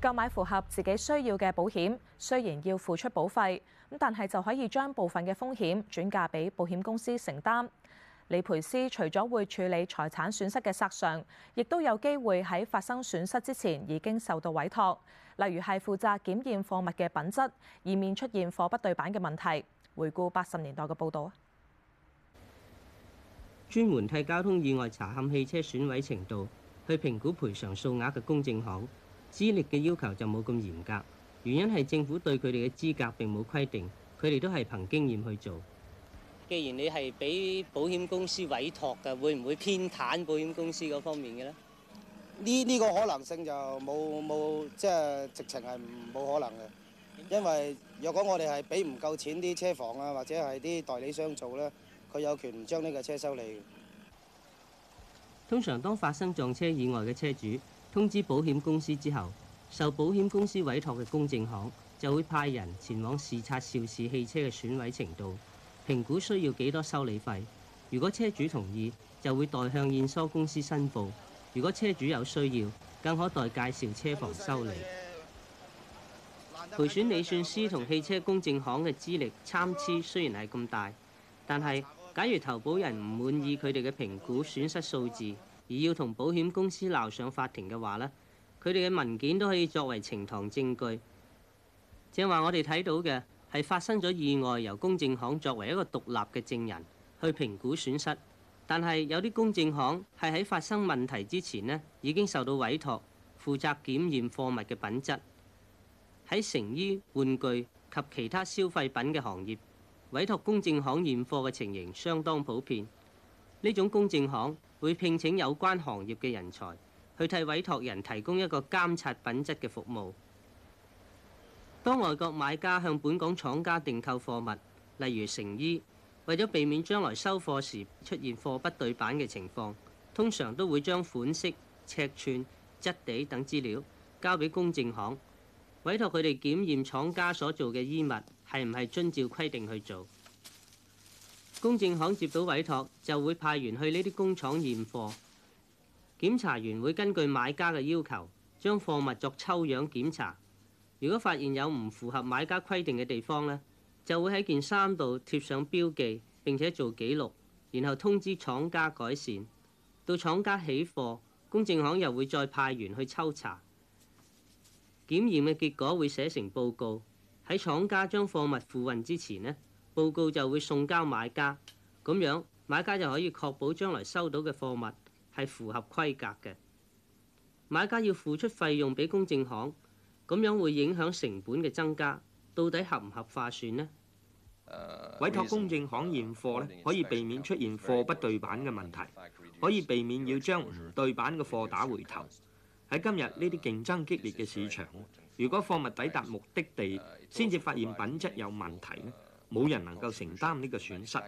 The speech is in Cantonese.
購買符合自己需要嘅保險，雖然要付出保費，咁但係就可以將部分嘅風險轉嫁俾保險公司承擔。理賠師除咗會處理財產損失嘅索償，亦都有機會喺發生損失之前已經受到委託，例如係負責檢驗貨物嘅品質，以免出現貨不對辦嘅問題。回顧八十年代嘅報道，專門替交通意外查勘汽車損毀程度，去評估賠償數額嘅公證行。資歷嘅要求就冇咁嚴格，原因係政府對佢哋嘅資格並冇規定，佢哋都係憑經驗去做。既然你係俾保險公司委託嘅，會唔會偏袒保險公司嗰方面嘅呢？呢、呢個可能性就冇冇，即係直情係冇可能嘅，因為若果我哋係俾唔夠錢啲車房啊，或者係啲代理商做咧，佢有權唔將呢個車收理。通常，當發生撞車意外嘅車主。通知保險公司之後，受保險公司委託嘅公證行就會派人前往視察肇事汽車嘅損毀程度，評估需要幾多修理費。如果車主同意，就會代向現收公司申報；如果車主有需要，更可代介紹車房修理。賠損理算師同汽車公證行嘅資歷參差，雖然係咁大，但係假如投保人唔滿意佢哋嘅評估損失數字，而要同保險公司鬧上法庭嘅話呢，佢哋嘅文件都可以作為呈堂證據。正話我哋睇到嘅係發生咗意外，由公證行作為一個獨立嘅證人去評估損失。但係有啲公證行係喺發生問題之前呢，已經受到委託，負責檢驗貨物嘅品質。喺成衣、玩具及其他消費品嘅行業，委託公證行驗貨嘅情形相當普遍。呢種公證行，會聘請有關行業嘅人才去替委託人提供一個監察品質嘅服務。當外國買家向本港廠家訂購貨物，例如成衣，為咗避免將來收貨時出現貨不對辦嘅情況，通常都會將款式、尺寸、質地等資料交俾公證行，委託佢哋檢驗廠家所做嘅衣物係唔係遵照規定去做。公證行接到委託，就會派員去呢啲工廠驗貨，檢查員會根據買家嘅要求，將貨物作抽樣檢查。如果發現有唔符合買家規定嘅地方呢，就會喺件衫度貼上標記，並且做記錄，然後通知廠家改善。到廠家起貨，公證行又會再派員去抽查。檢驗嘅結果會寫成報告，喺廠家將貨物付運之前呢。報告就會送交買家，咁樣買家就可以確保將來收到嘅貨物係符合規格嘅。買家要付出費用俾公證行，咁樣會影響成本嘅增加，到底合唔合化算呢？委託公證行驗貨呢，可以避免出現貨不對辦嘅問題，可以避免要將唔對辦嘅貨打回頭。喺今日呢啲競爭激烈嘅市場，如果貨物抵達目的地先至發現品質有問題呢，冇人能夠承擔呢個損失。